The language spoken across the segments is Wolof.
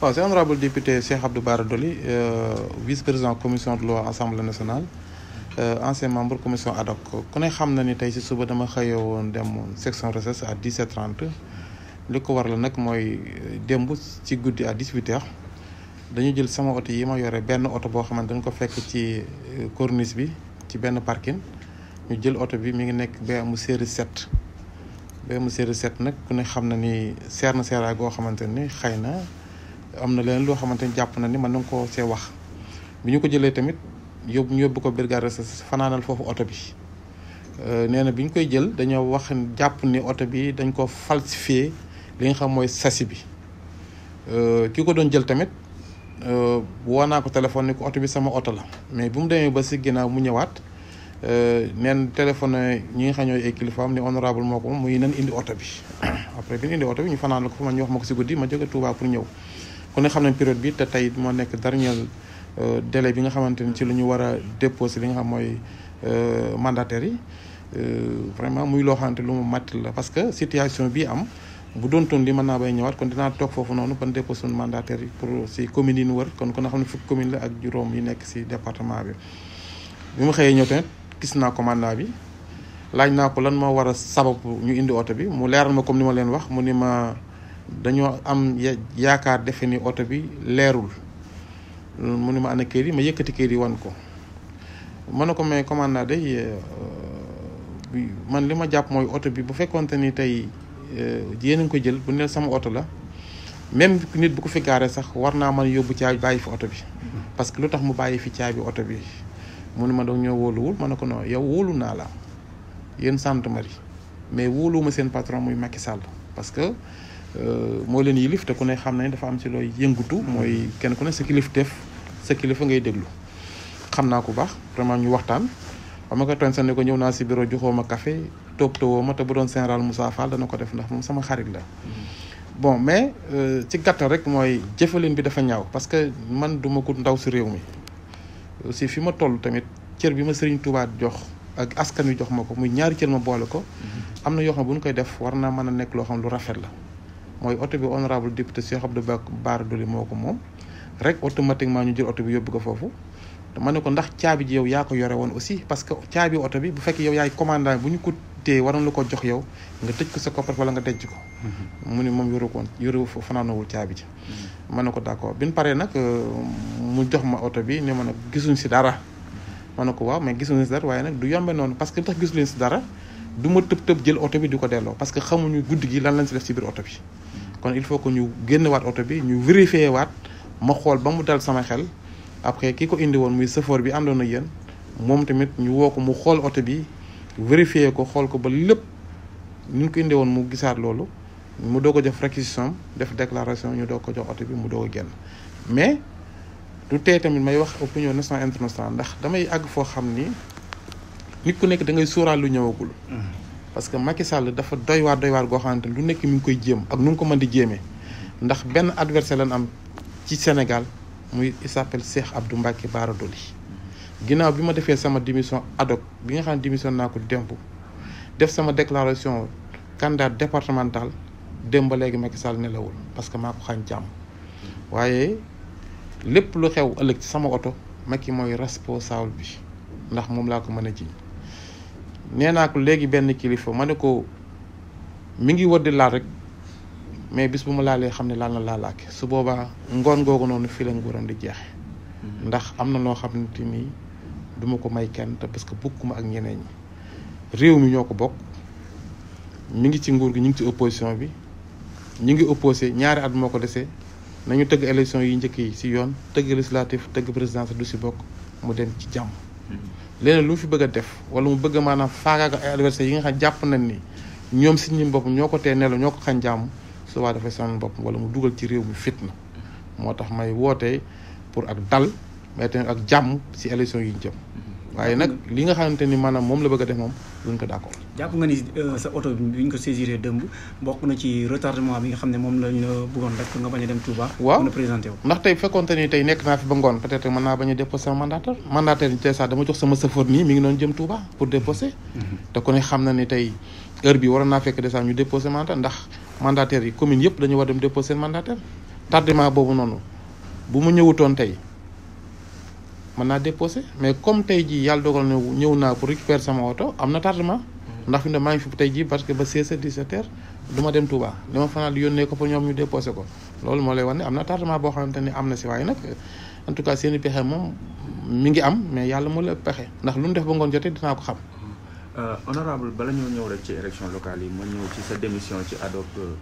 waaw c'est honorable député Cheikh Abdou Bara Dolly euh, vice commission de loi assemblée nationale euh, ancien membre commission ad hoc ku ne xam na ni tey si suba dama xëyee woon dem section recherche à 17h30 li ko waral nag mooy euh, démb ci guddi à 18h. dañu jël sama oto yi ma yore benn oto boo xamante dañ ko fekk ci euh, corniche bi ci benn parking ñu jël oto bi mi ngi nekk BM série 7 BM série 7 nag ku ne xam na ni seer na seeraay goo xamante ni xëy na am na leneen loo xamante ni jàpp na ni mën nañ koo see wax bi ñu ko jëlee tamit yóbbu yóbbu ko brigade fanaanal foofu oto bi euh, nee na bi koy jël dañoo wax jàpp ni oto bi dañ ko falsifié li nga xam mooy sasi bi euh, ki ko doon jël tamit Euh, woo naa ko téléphone ni ko oto bi sama oto la mais bu mu demee ba si ginnaaw mu ñëwaat euh, neen téléphone ñi nga xam ñooy ay kilifaam ni honorable ko moom muy nan indi oto bi après bi ñu oto bi ñu fanaan la ma ñu wax ma ko si guddi ma jóge Touba pour ñëw ku ne xam ne période bi te tey moo nekk dernier euh, délai bi nga xamante ni ci lu ñu war a si li nga xam mooy mandataires yi vraiment muy loo lu mu matt la parce que situation bi am bu doontoon li man naa bay ñëwaat kon dinaa toog foofu noonu kon déposé suñu mandataire yi pour si communes yi ñu wër kon kon nga xam ne fukki commune la ak juróom yi nekk si département bi bi mu xëyee ñëw tamit gis naa commandant bi laaj naa ko lan moo war a sababu ñu indi oto bi mu leeral ma comme ni ma leen wax mu ni ma dañoo am yaakaar defe ni oto bi leerul mu ni ma ana kayit yi ma yëkkati kayit yi wan ko ma ne ko mais commandant day euh, man li ma jàpp mooy oto bi bu fekkonte ni tey Euh, yéen a ngi ko jël bu ne sama oto la même nit bu ko fi gaaree sax war naa mën yóbbu caabi bàyyi fi oto bi parce que lu tax mu bàyyi fi caabi oto bi mu ne ma doog ñoo wóoluwul ma ne ko non yow wóolu naa la yéen gendarmerie mais wóoluwuma seen patron muy Macky Sall parce que euh, moo leen yilif te ku ne xam na nañ dafa am ci looy yëngutu mooy kenn ku ne sa kilif def sa kilifa ngay déglu xam naa ko baax vraiment ñu waxtaan ba ma ko tooñ sax ne ko ñëw naa si bureau joxoo ma café toog tawoo ma te bu doon général Moussa Fall dana ko def ndax moom sama xarit la. bon mais euh, ci gàttal rek mooy jëfaleen bi dafa ñaaw parce que man duma ma ko ndaw si réew mi. aussi fi ma toll tamit cër bi ma Serigne Touba jox ak askan wi jox ma ko muy ñaari cër ma boole ko. Mhm. am na yoo xam ne bu ñu koy def war naa mën a nekk loo xam lu rafet la. mooy oto bi honorable député Cheikh Abdou Bara Dolly moo ko moom rek automatiquement ñu jël oto bi yóbbu ko foofu. ma ne ko ndax caabi ji yow yaa ko yore woon aussi parce que caabi oto bi bu fekkee yow yaay commandant bu ñu ko téye waroon la ko jox yow nga tëj ko sa koppar wala nga denc ko. Mhm. mu ne moom yoru ko woon yoru fanaanoowul caabi ji. Mhm. ma ne ko d' accord bi ñu paree nag euh, mu jox ma oto bi ne ma nag gisuñ si dara. Mhm. ma ne ko waaw mais gisuñ si dara waaye nag du yombe noonu parce que li tax gisuñ si dara du ma tëb tëb jël oto bi du ko delloo parce que xamuñu guddi gi lan lañ si def si biir oto bi. kon il faut que ñu génnewaat oto bi ñu vérifier waat ma xool ba mu dal sama xel. après ki ko indi woon muy chauffeur bi àndoon ak yéen moom tamit ñu woo ko mu xool oto bi vérifier ko xool ko ba lépp ni ñu ko indi woon mu gisaat loolu mu doog ko def réquisition def déclaration ñu doo ko jox oto bi mu doog a génn mais lu tey tamit may wax opinion nationale internationale ndax damay àgg foo xam ni nit ku nekk da ngay sóoraal lu ñëwagul. Mm-hmm. parce que Macky Sall dafa doy waar doy waar goo xamante ne lu nekk mu ngi koy jéem ak nu mu ko mën di jéemee ndax benn adversaire lañ am ci Sénégal. muy il s'appelle Cheikh Abdou Mbacké Bara ginnaaw bi ma defee sama démission ad bi nga xam ne démission naa ko démb def sama déclaration candidat départemental démb ba léegi Macky Sall nelawul parce que maa ko xañ jàmm waaye lépp lu xew ëllëg ci sama oto ki mooy responsable bi ndax moom laa ko mën a jiñ nee naa ko léegi benn kilifa ma ne ko mu ngi wër di laal rek. mais bis bu ma laa lee xam ne laal na laalaake su boobaa ngoon googu noonu fii la nguuram di jeexe mm-hmm. ndax am na loo xamante ni du ma ko may kenn te parce que bokkuma ak ñeneen ñi réew mi ñoo ko bokk mi ngi ci nguur gi ñu ngi ci opposition bi ñu ngi opposé ñaari at moo ko desee nañu tëgg élection yi njëkk yi si yoon tëgg législatif tëgg présidence du si bokk mu dem ci jàmm mm-hmm. leneen lu mu fi bëgg a def wala mu bëgg maanaam faagaaga ay adversaire yi nga xam jàpp nañ ni ñoom si ñi bopp ñoo ko tee nelaw ñoo ko xañ subaa defee sonal boppam wala mu dugal ci réew mi fitna moo tax may wootee pour ak dal mais tamit ak jàmm si élection yi ñu jëm. Mm-hmm. waaye nag li nga xamante ni maanaam moom a def moom duñ ko d'accord. nga ni euh, sa oto bi ñu ko saisiré dëmb bokk na ci retardement bi nga xam ne moom lañ la bëggoon rek nga bañ a dem Touba. waaw mën ndax tey bu fekkoonte ni tey nekk naa fi ba ngoon peut-être mën naa bañ a déposé sama mandataire mandataire tey sax dama jox sama sëfoor nii mi ngi doon jëm Touba pour déposé. Mm-hmm. te ku ne xam na ni tey heure bi waroon naa fekk de sax ñu déposé mandat ndax. mandataires yi commune yëpp dañu war dem déposer seen mandataire tardement boobu noonu bu mu ñëwutoon tey mën naa déposer mais comme tey jii yàlla dogal na ñëw naa pour récupérer sama oto am na tardement. ndax fi mu ne maa ngi fi tey jii parce que ba 16h 17h du ma dem Touba li ma fanaan yónnee ko pour ñoom ñu déposé ko loolu moo lay wax ne am na tardement boo xamante ni am na si waaye nag en tout cas seen i pexe moom mu ngi am mais yàlla moo la pexe ndax lu mu def ba ngoon jotee dinaa ko xam. Euh, honorable bala ñoo ñëw rek ci élection locale yi ma ñëw ci sa démission ci adop euh,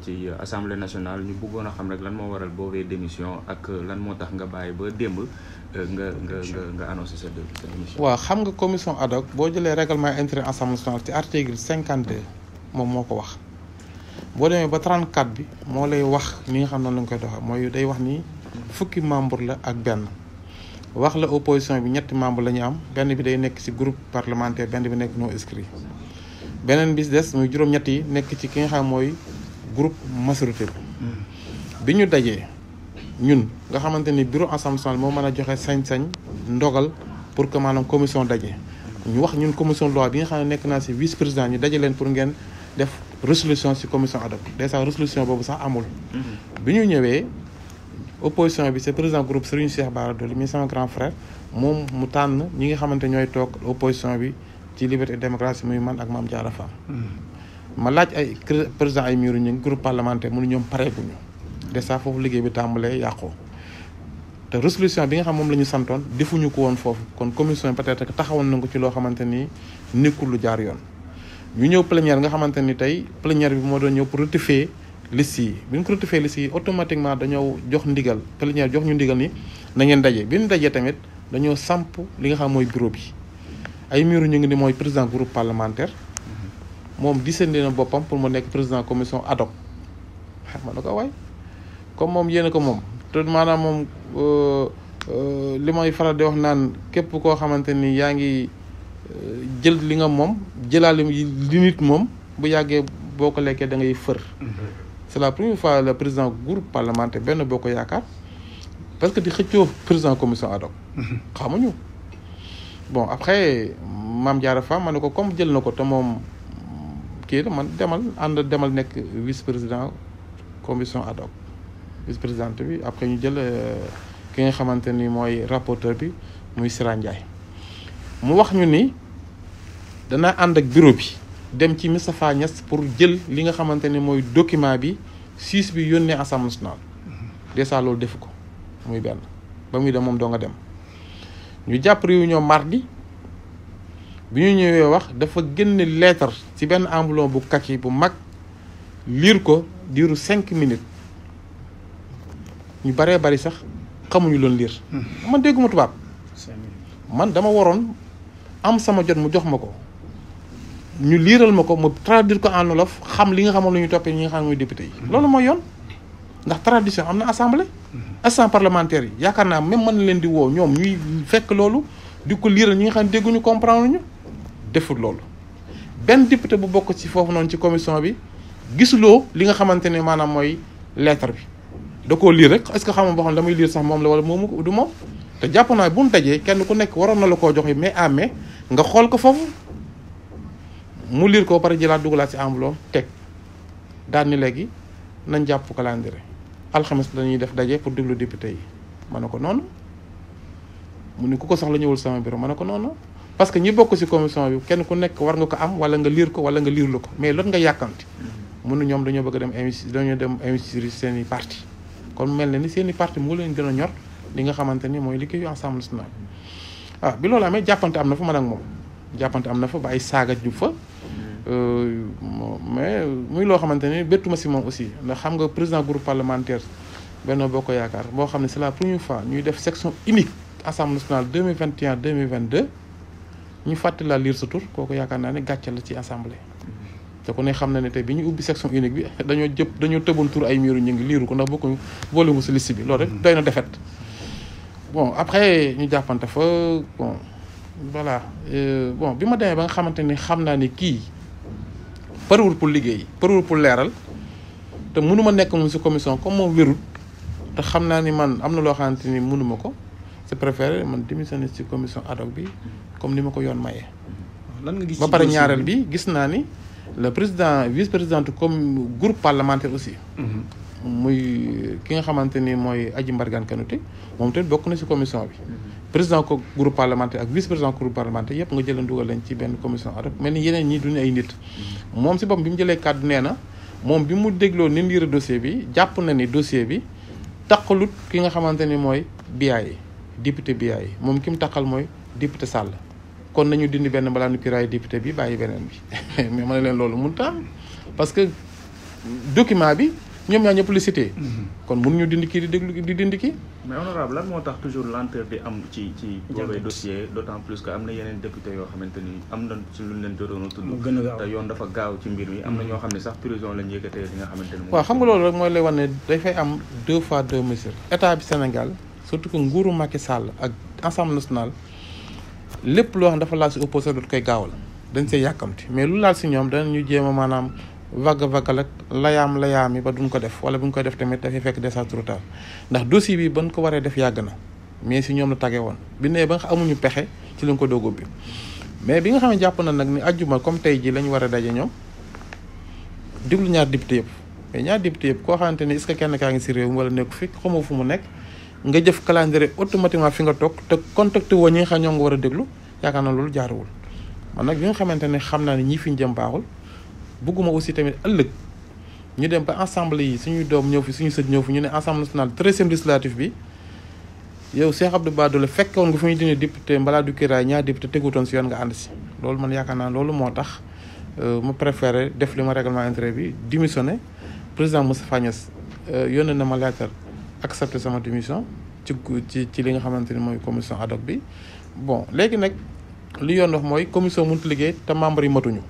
ci assemblée nationale ñu bëggoon a xam rek lan moo waral boobee démission ak lan moo tax nga bàyyi ba démb euh, nga nga nga nga annoncé sa démission. waaw xam nga commission ad boo jëlee règlement intérieur assemblée nationale ci article cinquante deux moom moo ko wax boo demee ba 34 bi moo lay wax ni nga xam ne la ñu koy doxee mooy day wax nii fukki membre la ak benn. wax la opposition bi ñetti membre la ñu am benn bi day nekk ci groupe parlementaire benn bi nekk non inscrit beneen bis des muy juróom-ñett nekk ci ki nga xam mooy groupe majorité hmm. bi ñu dajee ñun nga xamante ni bureau assemblée nationale moo mën a joxe sañ-sañ ndogal pour que maanaam commission daje ñu wax ñun commission loi bi nga xam ne nekk naa ci vice président ñu daje leen pour ngeen def résolution ci commission adopte dèjà résolution boobu sax amul hmm. opposition bi c'est président groupe Serigne Cheikh Bara Dolly mi sama grand frère moom mu tànn ñi nga xamante ñooy toog opposition bi ci liberté démocratie muy man ak Mame Diarra Fam mm-hmm. ma laaj ay président ay miiru ñu groupe parlementaire mënu ñoom pareeguñu dèjà foofu liggéey bi tàmbalee yàqoo te résolution bi nga xam moom la ñu santoon defuñu ko woon foofu kon commission peut-être que taxawoon nañ ko ci loo xamante ni nekkul lu jaar yoon ñu ñëw plénière nga xamante ni tey plénière bi moo doon ñëw pour ratifier liss yi bi ñu ko notifié liste yi automatiquement dañoo jox ndigal plénière jox ñu ndigal ni na ngeen daje bi ñu dajee tamit dañoo samp li nga xam mooy bureau yi ay miiru ñu ngi ni mooy président groupe parlementaire mhm. moom di disandi na boppam pour mu nekk président commission ad hoc ma ne ko comme moom yéen ko moom te maanaam moom euh, euh, li may faral di wax naan képp koo xamante nii yaa ngi euh, jël li nga moom jëlaal li nit moom bu yàggee boo ko lekkee da ngay fër mhm. c'est la première fois le président groupe parlementaire benn boo ko yaakaar parce que di xëccoo président commission ad hoc mhm. xamuñu bon après Mame Diarra Fam ne ko comme jël na ko te moom kii man demal ànd demal nekk vice président commission ad hoc vice présidente bi après ñu jël euh, ki nga xamante ni mooy rapporteur bi muy Sira mu wax ñu ni dana ànd ak bureau bi dem ci Moustapha Niass pour jël li nga xamante ni mooy document bi siis bi yónnee assemblée nationale dèjà loolu defu ko muy benn ba muy dem moom doo nga dem ñu jàpp ñoo mardi bi ñu ñëwee wax dafa génne leetar ci benn enveloppe bu kaki bu mag liir ko diiru cinq minutes ñu baree bari sax xamuñu loon liir hmm. man dégguma tubaab man dama waroon am sama jot mu jox ma ko ñu liiral ma ko ma traduire ko en wolof xam li nga xamoon lu ñu toppee ñi nga xam mooy député yi. loolu mooy yoon ndax tradition am na assemble assemblée mhm. parlementaire yi yaakaar naa même mën na leen di woo ñoom ñuy fekk loolu di ko liiral ñi nga xam ne dégguñu comprendre ñu deful loolu. benn bu bokk ci foofu noonu ci commission bi gisuloo li nga xamante ne maanaam mooy lettre bi da koo liir rek est-ce que xam nga boo xam ne damay liir sax moom la wala moomu du moom. te jàpp naa bu ñu dajee kenn ku nekk waroon na la koo jox mais amee nga xool ko foofu mu liir ko pare jëlaat dugalaat si enveloppe teg daan ni léegi nañ jàpp calendrier alxames dañuy def daje pour déglu député yi ma ne ko noonu mu ni ku ko soxla ñëwul sama bureau ma ne ko noonu parce que ñi bokk si commission bi kenn ku nekk war nga ko am wala nga liir ko wala nga liirlu ko mais lot nga yàkkamti mu ne ñoom dañoo bëgg dem investir dañoo dem investir seen i parti kon mel na ni seen i parti moo leen gën a ñor li nga xamante ni mooy liggéeyu Assemblée nationale ah bi loolu amee jàppante am na fa mën ak moom jàppante am na fa ay saaga jub fa Euh, mais muy loo xamante ni bettuma si moom aussi ndax xam nga président groupe parlementaire Benno Bokk Yaakaar boo xam ne c'est la première fois ñuy def section unique assemblée nationale vingt 2022 ñu fàttali la liir sa tur kooku yaakaar naa ni gàcce la ci assemblée. te ku ne xam na ne tey bi ñu ubbi section unique bi dañoo jëpp dañoo tëboon tur ay miiru ñu ngi liiru ko ndax bokkuñu boolewul si liste bi loolu rek doy na defet ñu jàppante fa bon voilà euh, bon bi ma demee ba nga xamante ni xam naa ne kii. parewul pour liggéey parewul pour leeral te mënuma nekk moom si commission comme moom wérul te xam naa ni man am na loo xamante ne mënuma ko c'est préféré man démissionné si commission ad bi comme ni ma ko yoon maye. lan nga gis ba pare ñaareel bi gis naa ni le président vice président comme groupe parlementaire aussi. Mhm. muy ki nga xamante ni mooy Adji Mbargane Kanouté moom te bokk na ci commission bi. président ko groupe parlementaire ak vice président groupe parlementaire yëpp nga jëlee dugal leen ci benn commission ad hoc mel ni yeneen ñi duñu ay nit. moom ci boppam bi mu jëlee kàddu nee na moom bi mu dégloo ni lire dossier bi jàpp na ni dossier bi taqalut ki nga xamante ni mooy biyaay député biyaay moom ki mu taqal mooy député Sall. kon nañu dindi benn balaa nu kiraay député bi bàyyi beneen bi mais ma ne loolu mënut a parce que document bi. ñoom ñaa ñëpp la cité. Mhm. kon mënuñu dindi kii di déglu di dindi kii. mais honorable moo tax toujours lenteur di am ci ci. boobee dossier d' autant plus que am na yeneen député yoo xamante ni am na ci luñ leen doon tudd. te yoon dafa gaaw ci mbir mi am na mhm. ñoo xam ne sax prison lañ yëkkatee li nga xamante ni. waaw xam nga loolu rek mooy lay ne dafay am deux fois deux mesures. état bi Sénégal surtout que ak Assemblée nationale lépp loo xam dafa laal si opposé dootu koy gaawal dañ see yàkkamti mais lu laal si ñoom danañu jéem a maanaam vagg-vaggal ak layaam layaam yi ba duñ ko def wala buñ ko def tamit dafay fekk déjà trop ndax dossier bi ban ko waree def yàgg na mais si ñoom la tagee woon bi nee ba nga amuñu pexe ci lañ ko doog bi mais bi nga xam ne jàpp na nag ni ajjuma comme tey jii lañ war a daje ñoom déglu ñaar député yëpp ñaar député yëpp koo xamante ni est-ce kenn kaa ngi si réew wala nekku fi xamoo fu mu nekk nga jëf calendrier automatiquement fi nga toog te contacté woo ñi nga xam ñoom nga war a déglu yaakaar na loolu jaaruwul man nag bi nga xamante ne xam naa ne ñii fi ñu jëm baaxul bëgguma aussi tamit ëllëg ñu dem ba ensemble yi suñuy doom ñëw fi suñu sët ñëw fi ñu ne assemblée nationale treizième législative bi yow Cheikh baa Bara Dolly fekkoon nga fi ñu dindi député mbalaa du kiraay ñaar député tegutoon si yoon nga ànd si loolu man yaakaar naa loolu moo tax euh, ma préféré def li ma règlement intérieur bi démissionné président Moustapha Niasse euh, yónnee na ma lettre accepté sama démission ci ci ci li nga xamante ni mooy commission ad bi bon léegi nag li yoon wax mooy commission mënut liggéey te membre yi matuñu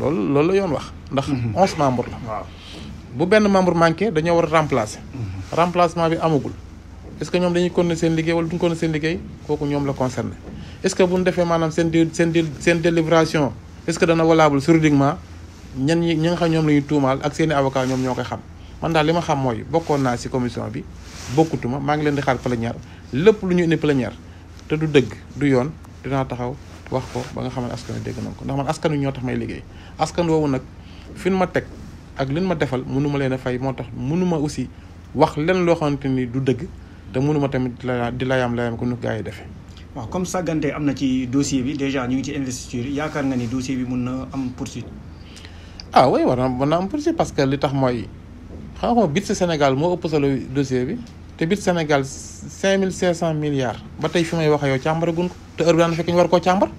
loolu loolu la yoon wax ndax mhm. onze membre la bu benn membre manqué dañoo war a remplacer mhm. remplacement bi amagul est que ñoom dañuy continuer seen liggéey wala duñu continuer seen liggéey kooku ñoom la concerné est-ce que bu ñu defee maanaam seen di seen di seen délibération est-ce que dana valable juridiquement ñan ñi ñi nga xam ñoom la tuumaal ak seen i avocat ñoom ñoo koy xam man daal li ma xam mooy bokkoon naa ci commission bi bokkutuma maa ngi leen di xaar plénière lépp lu ñu indi plénière te du dëgg du yoon dinaa taxaw wax ko ba nga xam ne askan wi dégg nañ ko ndax man askan wi ñoo tax may liggéey askan woowu nag fi nu ma teg ak lin ma defal mënuma leen a fay moo tax mënuma aussi wax leen loo xamante ni du dëgg te mënuma tamit di layaam layaam ko nu gaa yi defe waaw comme sàggante am na ci dossier bi déjà ñu ngi ci investiture yaakaar nga ni dossier bi mun na am poursuite. ah oui war na mën na am poursuite parce que li tax mooy xam nga bit si Sénégal moo ëpp solo dossier bi te bit Sénégal cinq mille cinq cent milliards ba tey fi may wax ko. te heure bi daan fekk ñu war koo càmbar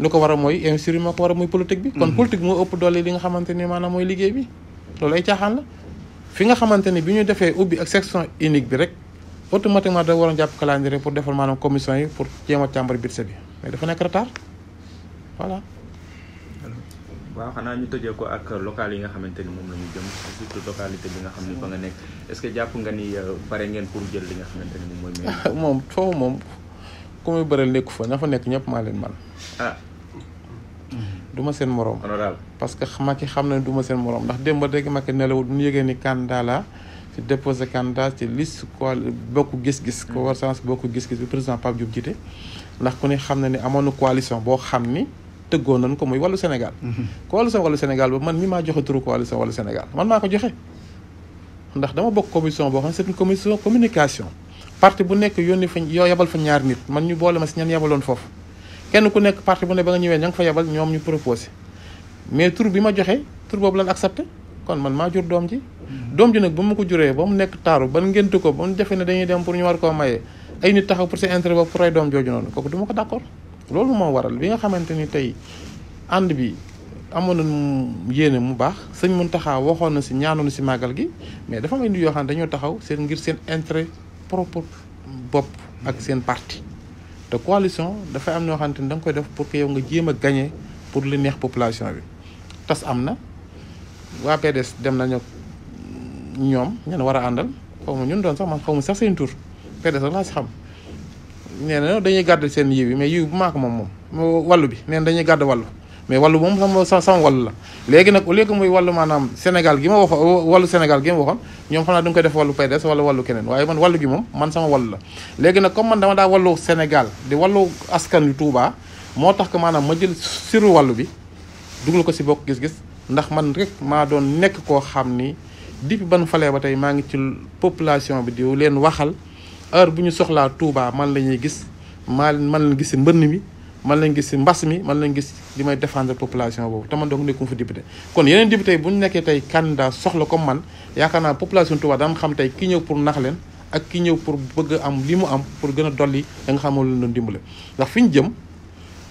lu ko war a mooy investisseur moo ko war a mooy politique bi. kon mhm. politique moo ëpp doole li nga xamante ni maanaam mooy liggéey bi loolu ay caaxaan la fi nga xamante ni bi ñu defee ubbi ak section unique bi rek automatiquement da waroon jàpp calendrier pour defal maanaam commission yi pour jéem a càmbar budget bi mais dafa nekk retard voilà. waaw xanaa ñu tëjee ko ak local yi nga xamante ni moom la ñu jëm surtout localité bi nga xam ne ba nga nekk est-ce jàpp nga ni euh, pare ngeen pour jël li nga xamante ni moom mooy. moom foofu moom ku may bëreel nekku fa ña fa nekk ñëpp maa leen man ah. du ma seen morom. parce que Macky xam na ne du ma seen morom ndax démb rek Macky nelawul bu ñu yëgee ni candidat ci déposé candidat ci liste quoi bokk gis-gis. ko war sens bokk gis-gis bi président Pape Diop jiite. ndax ku ne xam na ne amoon na coalition boo xam ni tëggoon nañ ko muy wàllu Sénégal. Hmm. coalition wàllu Sénégal ba man mi maa joxe turu coalition wàllu Sénégal man maa ko joxe. ndax dama bokk commission boo xam ne communication. parti bu nekk yónni fa yoo yebal fa ñaar nit man ñu boole ma si ñan yebaloon foofu kenn ku nekk parti bu ne ba nga ñëwee ña nga fa yebal ñoom ñu proposé mais tur bi ma joxe tur boobu lan accepté kon man maa jur doom ji doom ji nag ba ma ko juree ba mu nekk taaru ban ngéntu ko ba mu defee ne dañuy dem pour ñu war koo maye ay nit taxaw pour sa intérêt ba pour ay doom jooju noonu kooku du ko d'accord loolu moo waral bi nga xamante ni tey ànd bi amoon na yéene mu baax sëñ mun taxaw waxoon na si ñaanoon si màggal gi mais dafa may yoo xam ne dañoo taxaw seen ngir seen intérêt propre bopp ak seen parti te coalition dafay am ñoo xamante ni da koy def pour que yow nga jéem a gagner pour lu neex population bi tas am na waa PDS dem nañu ñoom ñen war a àndal xaw ma ñun doon sax man xaw ma sax seen tur PDS laa si xam nee na dañuy gàdd seen yiw yi mais yiw bu maako moom moom wàllu bi nee dañuy gàdd wàllu mais wàllu moom sama sa sama wàllu la léegi nag au lieu que wàllu maanaam Sénégal gi ma waxoon wàllu Sénégal gi ma waxoon ñoom xam naa duñ koy def wàllu PDS wala wàllu keneen waaye man wàllu gi moom man sama wàllu la léegi nag comme man dama daa wàllu Sénégal di wàllu askan wi tuubaa moo tax que maanaam ma jël suru wàllu bi dugal ko si bokk gis-gis ndax man rek maa doon nekk koo xam ni depuis ban falee ba tey maa ngi ci population bi di leen waxal heure bu ñu soxlaa Touba man la ñuy gis maa man la gis mbënn mi man lañ gis si mbas mi man lañ gis li may défendre population boobu te man donc nekkuma fa député kon yeneen député yi bu ñu nekkee tey candidat soxla comme man yaakaar naa population Touba daan xam tey pour nax leen ak ki ñëw pour bëgg am li am pour gën a dolli da nga xam moom la doon dimbale ndax fi ñu jëm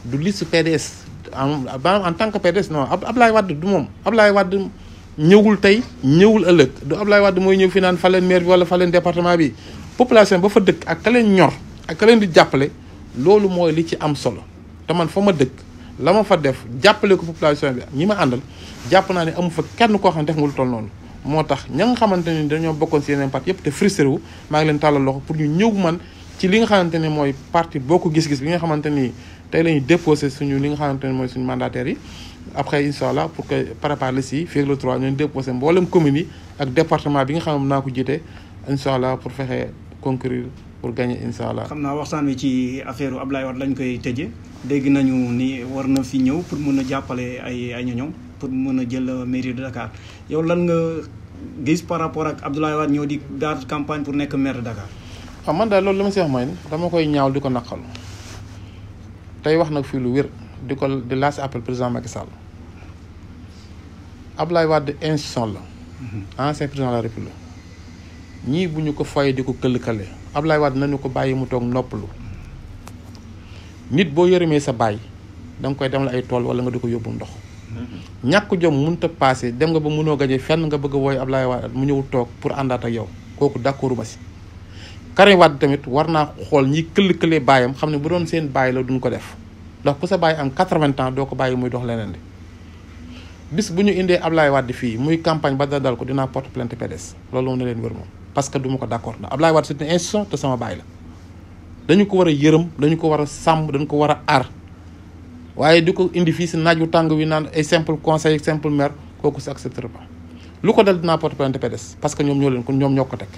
du liste PDS maanaam en tant que PDS non Ablaye Wade du moom Ablaye Wade ñëwul tey ñëwul ëllëg du Ablaye Wade mooy ñëw fi naan faleen maire wala faleen département bi population ba fa dëkk ak ka leen ñor ak ka leen di jàppale loolu mooy li ci am solo te man fa ma dëkk la ma fa def jàppale ko population bi ñi ma àndal jàpp naa ne amu fa kenn koo xam ne def nga toll noonu moo tax ña nga xamante ne dañoo bokkoon si yeneen parti yëpp te frustré wu maa ngi leen tàllal loxo pour ñu ñëw man ci li nga xamante ne mooy boo bokk gis-gis bi nga xamante ni tey la ñuy suñu li nga xamante ne mooy suñu mandataires yi après incha allah pour que préparer la si fii le 3 ñooñu déposé mboolem commune yi ak département bi nga xam naa ko jiite incha allah pour fexe concourir pour gagner incha allah. xam naa waxtaan wi ci affaire ablaay Wade lañ koy tëjee dégg nañu ni war na fi ñëw pour mun a jàppale ay ay ñoñom pour mën a jël mairie de yow lan nga gis par rapport ak Abdoulaye Wade ñëw di daal campagne pour nekk maire de Dakar. man daa loolu la ma si wax mooy dama koy ñaaw di ko naqalu tey wax nag fii lu wér di ko di lancer appel président Macky Sall Abdoulaye Wade institution la. Mhm. ancien président de la république ñii bu ñu ko fay di ko këll Ablaye waat nañu ko bàyyi mu toog noppalu nit boo yërëmee sa baay da nga koy demal ay tool wala nga di ko yóbbu ndox. ñàkk jom mun a paase dem nga ba mënoo gañe fenn nga bëgg a wooy Ablaye Wade mu ñëw toog pour àndaat ak yow kooku d'accord ma si. Karim waat tamit war naa xool ñi këll këlee baayam xam ne bu doon seen baay la duñ ko def ndax ku sa baay am 80 ans doo ko bàyyi muy dox leneen de. bis bu ñu indee Ablaye Wade fii muy campagne ba dal ko dinaa porte plainte PDS loolu leen wër parce que du ma ko d' accord ndax Abdoulaye Wade c'est une institution te sama baay la dañu ko war a yërëm dañu ko war a sàmm dañu ko war a aar waaye di ko indi fii si naaj wu tàng wi naan ay simple conseil simple maire kooku si accepter lu ko dal dinaa porte plainte PDS parce que ñoom ñoo leen ko ñoom ñoo ko teg